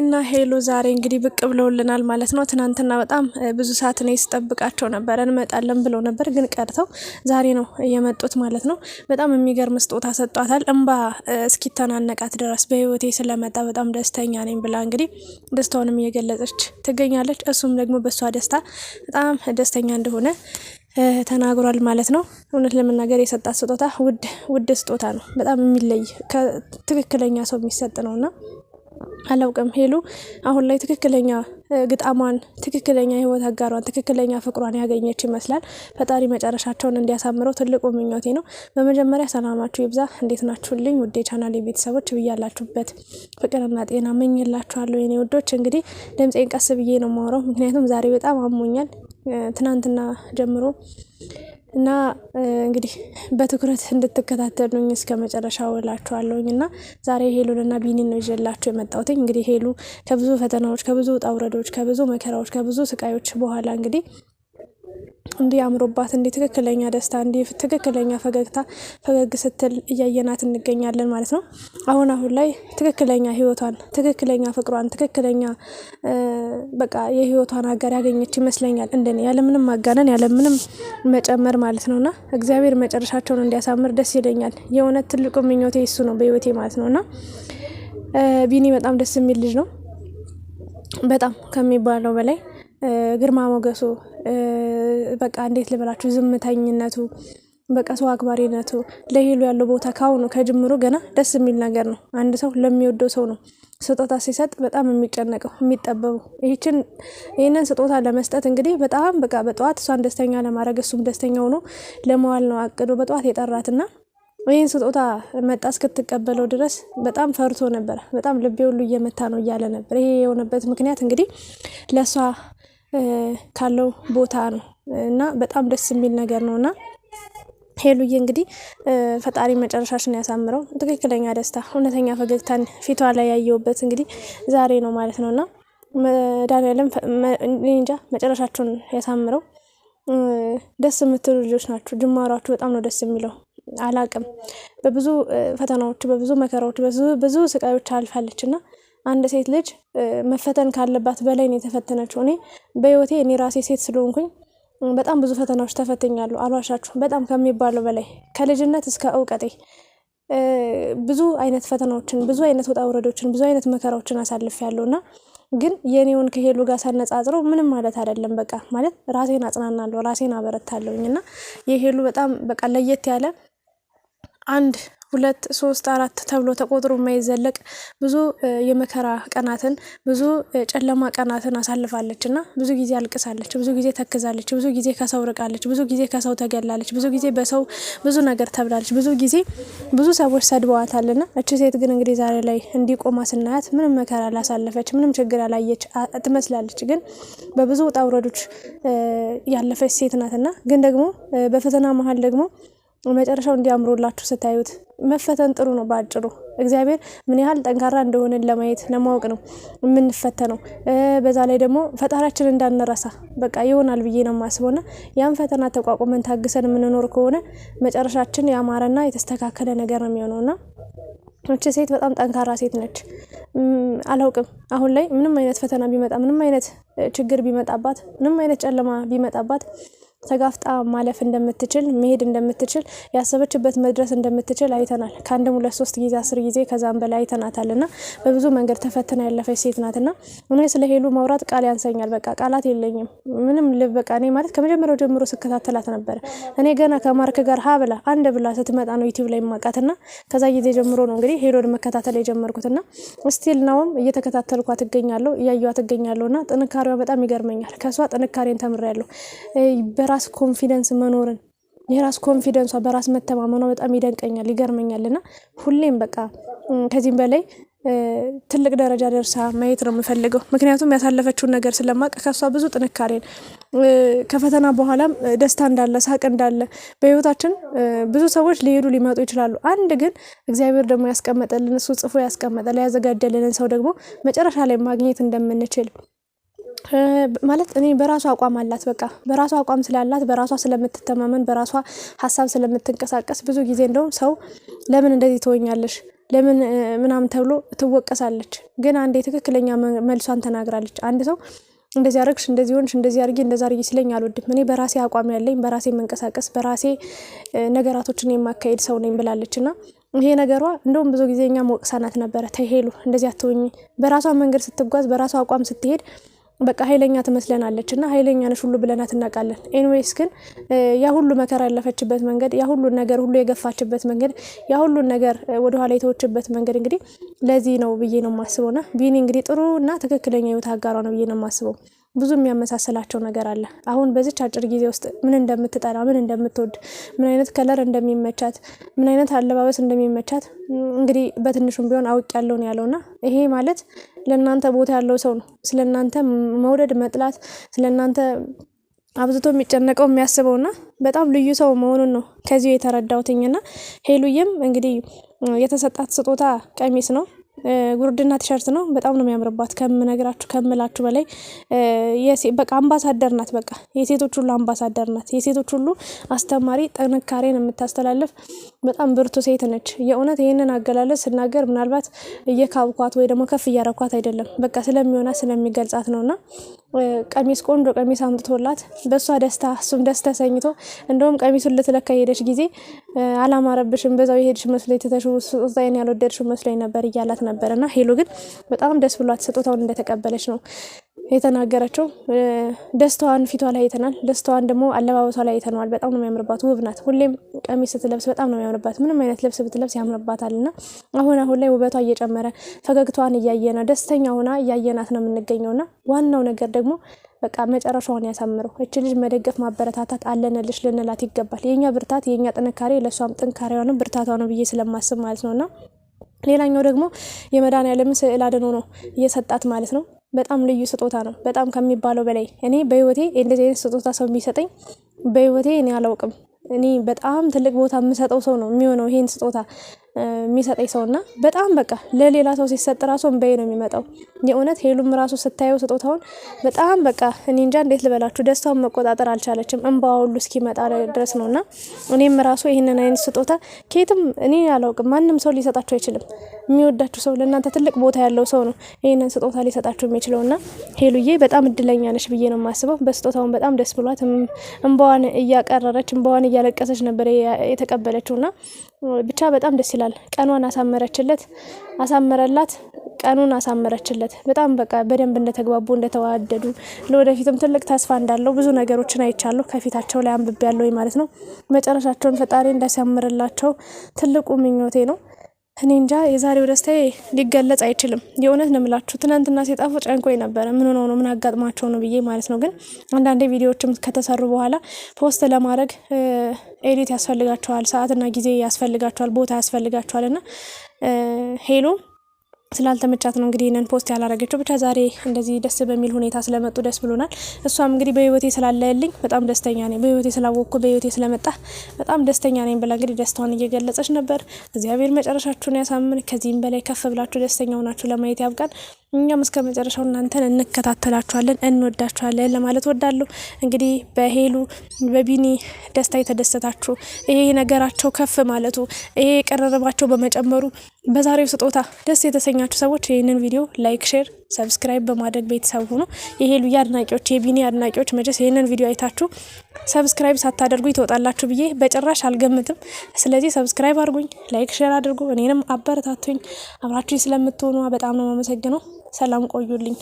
እና ሄሎ ዛሬ እንግዲህ ብቅ ብለውልናል ማለት ነው። ትናንትና በጣም ብዙ ሰዓት ነው ስጠብቃቸው ነበር፣ እንመጣለን ብለው ነበር፣ ግን ቀርተው ዛሬ ነው የመጡት ማለት ነው። በጣም የሚገርም ስጦታ ሰጧታል፣ እምባ እስኪተናነቃት ድረስ በህይወቴ ስለመጣ በጣም ደስተኛ ነኝ ብላ እንግዲህ ደስታውንም እየገለጸች ትገኛለች። እሱም ደግሞ በእሷ ደስታ በጣም ደስተኛ እንደሆነ ተናግሯል ማለት ነው። እውነት ለመናገር የሰጣት ስጦታ ውድ ውድ ስጦታ ነው። በጣም የሚለይ ከትክክለኛ ሰው የሚሰጥ ነውና አላውቅም ሄሉ አሁን ላይ ትክክለኛ ግጣሟን ትክክለኛ የህይወት አጋሯን ትክክለኛ ፍቅሯን ያገኘች ይመስላል። ፈጣሪ መጨረሻቸውን እንዲያሳምረው ትልቁ ምኞቴ ነው። በመጀመሪያ ሰላማችሁ ይብዛ። እንዴት ናችሁልኝ? ውድ የቻናል ቤተሰቦች ብያላችሁበት ፍቅርና ጤና መኝላችኋለሁ የኔ ውዶች። እንግዲህ ድምፄን ቀስ ብዬ ነው የማወራው፣ ምክንያቱም ዛሬ በጣም አሞኛል። ትናንትና ጀምሮ እና እንግዲህ በትኩረት እንድትከታተሉኝ እስከ መጨረሻው እላችኋለሁኝ። እና ዛሬ ሄሉን እና ቢኒን ነው ይዤላችሁ የመጣሁት። እንግዲህ ሄሉ ከብዙ ፈተናዎች፣ ከብዙ ውጣ ውረዶች፣ ከብዙ መከራዎች፣ ከብዙ ስቃዮች በኋላ እንግዲህ እንዲህ አምሮባት እንዲህ ትክክለኛ ደስታ እንዲህ ትክክለኛ ፈገግታ ፈገግ ስትል እያየናት እንገኛለን ማለት ነው። አሁን አሁን ላይ ትክክለኛ ህይወቷን ትክክለኛ ፍቅሯን ትክክለኛ በቃ የህይወቷን አጋር ያገኘች ይመስለኛል። እንደኔ ያለምንም ማጋነን ያለምንም መጨመር ማለት እና እግዚአብሔር መጨረሻቸውን እንዲያሳምር ደስ ይለኛል። የእውነት ትልቁ ምኞቴ እሱ ነው በህይወቴ ማለት ነውና ቢኒ በጣም ደስ የሚል ልጅ ነው። በጣም ከሚባለው በላይ ግርማ ሞገሱ በቃ እንዴት ልበላችሁ ዝምተኝነቱ በቃ ሰው አክባሪነቱ ለሄሉ ያለው ቦታ ካሁኑ ከጅምሮ ገና ደስ የሚል ነገር ነው። አንድ ሰው ለሚወደው ሰው ነው ስጦታ ሲሰጥ በጣም የሚጨነቀው የሚጠበበው። ይህችን ይህንን ስጦታ ለመስጠት እንግዲህ በጣም በቃ በጠዋት እሷን ደስተኛ ለማድረግ እሱም ደስተኛ ሆኖ ለመዋል ነው አቅዶ በጠዋት የጠራትና ይህን ስጦታ መጣ እስክትቀበለው ድረስ በጣም ፈርቶ ነበረ። በጣም ልቤ ሁሉ እየመታ ነው እያለ ነበር። ይሄ የሆነበት ምክንያት እንግዲህ ለእሷ ካለው ቦታ ነው እና በጣም ደስ የሚል ነገር ነው እና ሄሉዬ እንግዲህ ፈጣሪ መጨረሻሽን ያሳምረው። ትክክለኛ ደስታ፣ እውነተኛ ፈገግታን ፊቷ ላይ ያየውበት እንግዲህ ዛሬ ነው ማለት ነው እና መድኃኒዓለም እንጃ መጨረሻቸውን ያሳምረው። ደስ የምትሉ ልጆች ናቸው። ጅማሯችሁ በጣም ነው ደስ የሚለው። አላቅም በብዙ ፈተናዎች፣ በብዙ መከራዎች፣ ብዙ ስቃዮች አልፋለች እና አንድ ሴት ልጅ መፈተን ካለባት በላይ ነው የተፈተነችው። እኔ በህይወቴ እኔ ራሴ ሴት ስለሆንኩኝ በጣም ብዙ ፈተናዎች ተፈትኛለሁ። አልዋሻችሁ፣ በጣም ከሚባለው በላይ ከልጅነት እስከ እውቀቴ ብዙ አይነት ፈተናዎችን፣ ብዙ አይነት ወጣ ውረዶችን፣ ብዙ አይነት መከራዎችን ያለው እና ግን የኔውን ከሄሉ ጋር ሳነጻጽረው ምንም ማለት አይደለም። በቃ ማለት ራሴን አጽናናለሁ፣ ራሴን አበረታለሁኝ እና የሄሉ በጣም በቃ ለየት ያለ አንድ ሁለት ሶስት አራት ተብሎ ተቆጥሮ የማይዘለቅ ብዙ የመከራ ቀናትን ብዙ ጨለማ ቀናትን አሳልፋለች እና ብዙ ጊዜ አልቅሳለች፣ ብዙ ጊዜ ተክዛለች፣ ብዙ ጊዜ ከሰው ርቃለች፣ ብዙ ጊዜ ከሰው ተገላለች፣ ብዙ ጊዜ በሰው ብዙ ነገር ተብላለች፣ ብዙ ጊዜ ብዙ ሰዎች ሰድበዋታል። ና እች ሴት ግን እንግዲህ ዛሬ ላይ እንዲቆማ ስናያት ምንም መከራ ላሳለፈች ምንም ችግር ያላየች ትመስላለች፣ ግን በብዙ ውጣ ውረዶች ያለፈች ሴት ና ግን ደግሞ በፈተና መሀል ደግሞ መጨረሻው እንዲያምሩላችሁ ስታዩት። መፈተን ጥሩ ነው። በአጭሩ እግዚአብሔር ምን ያህል ጠንካራ እንደሆነን ለማየት ለማወቅ ነው የምንፈተነው። በዛ ላይ ደግሞ ፈጣሪያችን እንዳንረሳ በቃ ይሆናል ብዬ ነው ና ያን ፈተና ተቋቁመን ታግሰን የምንኖር ከሆነ መጨረሻችን ያማረና የተስተካከለ ነገር ነው የሚሆነውና ይቺ ሴት በጣም ጠንካራ ሴት ነች። አላውቅም አሁን ላይ ምንም አይነት ፈተና ቢመጣ፣ ምንም አይነት ችግር ቢመጣባት፣ ምንም አይነት ጨለማ ቢመጣባት ተጋፍጣ ማለፍ እንደምትችል መሄድ እንደምትችል ያሰበችበት መድረስ እንደምትችል አይተናል። ከአንድም ሁለት ሶስት ጊዜ አስር ጊዜ ከዛም በላይ አይተናታል እና በብዙ መንገድ ተፈትና ያለፈች ሴት ናት እና እኔ ስለ ሄሉ ማውራት ቃል ያንሰኛል። በቃ ቃላት የለኝም ምንም ልብ በቃ እኔ ማለት ከመጀመሪያው ጀምሮ ስከታተላት ነበረ። እኔ ገና ከማርክ ጋር ሀ ብላ አንድ ብላ ስትመጣ ነው ዩቲብ ላይ ማቃት እና ከዛ ጊዜ ጀምሮ ነው እንግዲህ ሄሎን መከታተል የጀመርኩት እና ስቲል ናውም እየተከታተልኳ ትገኛለሁ፣ እያየዋ ትገኛለሁ። እና ጥንካሬዋ በጣም ይገርመኛል። ከእሷ ጥንካሬን ተምሬያለሁ። በራስ ኮንፊደንስ መኖርን የራስ ኮንፊደንሷ በራስ መተማመኗ በጣም ይደንቀኛል፣ ይገርመኛል። እና ሁሌም በቃ ከዚህም በላይ ትልቅ ደረጃ ደርሳ ማየት ነው የምፈልገው። ምክንያቱም ያሳለፈችውን ነገር ስለማቅ ከሷ ብዙ ጥንካሬን ከፈተና በኋላም ደስታ እንዳለ ሳቅ እንዳለ በህይወታችን ብዙ ሰዎች ሊሄዱ ሊመጡ ይችላሉ። አንድ ግን እግዚአብሔር ደግሞ ያስቀመጠልን እሱ ጽፎ ያስቀመጠ ያዘጋጀልንን ሰው ደግሞ መጨረሻ ላይ ማግኘት እንደምንችል ማለት እኔ በራሷ አቋም አላት። በቃ በራሷ አቋም ስላላት በራሷ ስለምትተማመን በራሷ ሀሳብ ስለምትንቀሳቀስ ብዙ ጊዜ እንደውም ሰው ለምን እንደዚህ ትወኛለሽ ለምን ምናምን ተብሎ ትወቀሳለች። ግን አንዴ ትክክለኛ መልሷን ተናግራለች። አንድ ሰው እንደዚህ አረግሽ፣ እንደዚህ ሆንሽ፣ እንደዚህ አርጊ፣ እንደዚ አርጊ ሲለኝ አልወድም። እኔ በራሴ አቋም ያለኝ በራሴ መንቀሳቀስ በራሴ ነገራቶችን የማካሄድ ሰው ነኝ ብላለች እና ይሄ ነገሯ እንደውም ብዙ ጊዜ እኛም ነበረ። ተሄሉ እንደዚህ አትሆኚ፣ በራሷ መንገድ ስትጓዝ በራሷ አቋም ስትሄድ በቃ ኃይለኛ ትመስለናለች እና ኃይለኛ ነች ሁሉ ብለናት እናውቃለን። ኤንዌይስ ግን ያ ሁሉ መከራ ያለፈችበት መንገድ፣ ያ ሁሉን ነገር ሁሉ የገፋችበት መንገድ፣ ያ ሁሉን ነገር ወደኋላ የተወችበት መንገድ እንግዲህ ለዚህ ነው ብዬ ነው የማስበው። ና ቢኒ እንግዲህ ጥሩ እና ትክክለኛ ህይወት አጋሯ ነው ብዬ ነው የማስበው። ብዙ የሚያመሳስላቸው ነገር አለ። አሁን በዚች አጭር ጊዜ ውስጥ ምን እንደምትጠላ፣ ምን እንደምትወድ፣ ምን አይነት ከለር እንደሚመቻት፣ ምን አይነት አለባበስ እንደሚመቻት እንግዲህ በትንሹም ቢሆን አውቅ ያለውን ያለው እና ይሄ ማለት ለእናንተ ቦታ ያለው ሰው ነው። ስለ እናንተ መውደድ መጥላት፣ ስለ እናንተ አብዝቶ የሚጨነቀው የሚያስበውና በጣም ልዩ ሰው መሆኑን ነው ከዚሁ የተረዳሁትኝና ሄሉዬም እንግዲህ የተሰጣት ስጦታ ቀሚስ ነው። ጉርድና ቲሸርት ነው። በጣም ነው የሚያምርባት ከምነግራችሁ ከምላችሁ በላይ በቃ አምባሳደር ናት። በቃ የሴቶች ሁሉ አምባሳደር ናት። የሴቶች ሁሉ አስተማሪ፣ ጥንካሬን የምታስተላልፍ በጣም ብርቱ ሴት ነች። የእውነት ይህንን አገላለጽ ስናገር ምናልባት እየካብኳት ወይ ደግሞ ከፍ እያረኳት አይደለም፣ በቃ ስለሚሆናት ስለሚገልጻት ነው። እና ቀሚስ ቆንጆ ቀሚስ አምጥቶላት በእሷ ደስታ እሱም ደስ ተሰኝቶ እንደውም ቀሚሱን ልትለካ ሄደች ጊዜ አላማረብሽም፣ በዛው የሄድሽ መስሎኝ ትተሽው ስጦታዬን ያልወደድሽ መስሎኝ ነበር እያላት ነበር። እና ሄሎ ግን በጣም ደስ ብሏት ስጦታውን እንደተቀበለች ነው የተናገረችው። ደስታዋን ፊቷ ላይ አይተናል። ደስታዋን ደግሞ አለባበሷ ላይ አይተነዋል። በጣም ነው የሚያምርባት፣ ውብ ናት። ሁሌም ቀሚስ ስትለብስ በጣም ነው የሚያምርባት። ምንም አይነት ልብስ ብትለብስ ያምርባታል። እና አሁን አሁን ላይ ውበቷ እየጨመረ ፈገግቷን እያየነ ደስተኛ ሆና እያየናት ነው የምንገኘው ና ዋናው ነገር ደግሞ በቃ መጨረሻውን ያሳምረው። እች ልጅ መደገፍ፣ ማበረታታት አለንልሽ ልንላት ይገባል። የእኛ ብርታት፣ የእኛ ጥንካሬ ለእሷም ጥንካሬዋ ነው ብርታቷ ነው ብዬ ስለማስብ ማለት ነው እና ሌላኛው ደግሞ የመድኃኒዓለምን ስዕል አድኖ ነው እየሰጣት ማለት ነው። በጣም ልዩ ስጦታ ነው። በጣም ከሚባለው በላይ እኔ በህይወቴ እንደዚህ አይነት ስጦታ ሰው የሚሰጠኝ በህይወቴ እኔ አላውቅም። እኔ በጣም ትልቅ ቦታ የምሰጠው ሰው ነው የሚሆነው ይሄን ስጦታ የሚሰጠኝ ሰውና በጣም በቃ ለሌላ ሰው ሲሰጥ ራሱ እንበይ ነው የሚመጣው። የእውነት ሄሉም ራሱ ስታየው ስጦታውን በጣም በቃ እኔ እንጃ እንዴት ልበላችሁ፣ ደስታውን መቆጣጠር አልቻለችም። እንባ ሁሉ እስኪመጣ ድረስ ነው እና እኔም ራሱ ይህንን አይነት ስጦታ ኬትም እኔ አላውቅም፣ ማንም ሰው ሊሰጣችሁ አይችልም። የሚወዳችሁ ሰው፣ ለእናንተ ትልቅ ቦታ ያለው ሰው ነው ይህንን ስጦታ ሊሰጣችሁ የሚችለው እና ሄሉዬ በጣም እድለኛ ነች ብዬ ነው የማስበው። በስጦታውን በጣም ደስ ብሏት እንባዋን እያቀረረች እንባዋን እያለቀሰች ነበር የተቀበለችው እና ብቻ በጣም ደስ ይላል። ይላል። ቀኗን አሳመረችለት፣ አሳመረላት፣ ቀኑን አሳመረችለት። በጣም በቃ በደንብ እንደተግባቡ እንደተዋደዱ፣ ለወደፊትም ትልቅ ተስፋ እንዳለው ብዙ ነገሮችን አይቻለሁ። ከፊታቸው ላይ አንብቤ ያለው ማለት ነው። መጨረሻቸውን ፈጣሪ እንዳሳምርላቸው ትልቁ ምኞቴ ነው። እኔ እንጃ የዛሬው ደስታዬ ሊገለጽ አይችልም። የእውነት ነው የምላችሁ። ትናንትና ሲጠፉ ጨንቆኝ ነበረ። ምን ሆነው ነው ምን አጋጥሟቸው ነው ብዬ ማለት ነው። ግን አንዳንዴ ቪዲዮዎችም ከተሰሩ በኋላ ፖስት ለማድረግ ኤዲት ያስፈልጋቸዋል፣ ሰዓትና ጊዜ ያስፈልጋቸዋል፣ ቦታ ያስፈልጋቸዋል እና ሄሎ ስላልተመቻት ነው እንግዲህ ይህንን ፖስት ያላረገችው። ብቻ ዛሬ እንደዚህ ደስ በሚል ሁኔታ ስለመጡ ደስ ብሎናል። እሷም እንግዲህ በህይወቴ ስላለልኝ በጣም ደስተኛ ነኝ፣ በህይወቴ ስላወቅኩ፣ በህይወቴ ስለመጣ በጣም ደስተኛ ነኝ ብላ እንግዲህ ደስታዋን እየገለጸች ነበር። እግዚአብሔር መጨረሻችሁን ያሳምን፣ ከዚህም በላይ ከፍ ብላችሁ ደስተኛ ሆናችሁ ለማየት ያብቃን። እኛም እስከ መጨረሻው እናንተን እንከታተላችኋለን፣ እንወዳችኋለን ለማለት ወዳለሁ። እንግዲህ በሄሉ በቢኒ ደስታ የተደሰታችሁ ይሄ ነገራቸው ከፍ ማለቱ ይሄ የቀረረባቸው በመጨመሩ በዛሬው ስጦታ ደስ የተሰኛችሁ ሰዎች ይህንን ቪዲዮ ላይክ፣ ሼር ሰብስክራይብ በማድረግ ቤተሰብ ሆኖ የሄሉዬ አድናቂዎች፣ የቢኒ አድናቂዎች መቼስ ይህንን ቪዲዮ አይታችሁ ሰብስክራይብ ሳታደርጉ ትወጣላችሁ ብዬ በጭራሽ አልገምትም። ስለዚህ ሰብስክራይብ አድርጉኝ፣ ላይክ፣ ሼር አድርጉ፣ እኔንም አበረታቱኝ። አብራችሁኝ ስለምትሆኑ በጣም ነው የማመሰግነው። ሰላም ቆዩልኝ።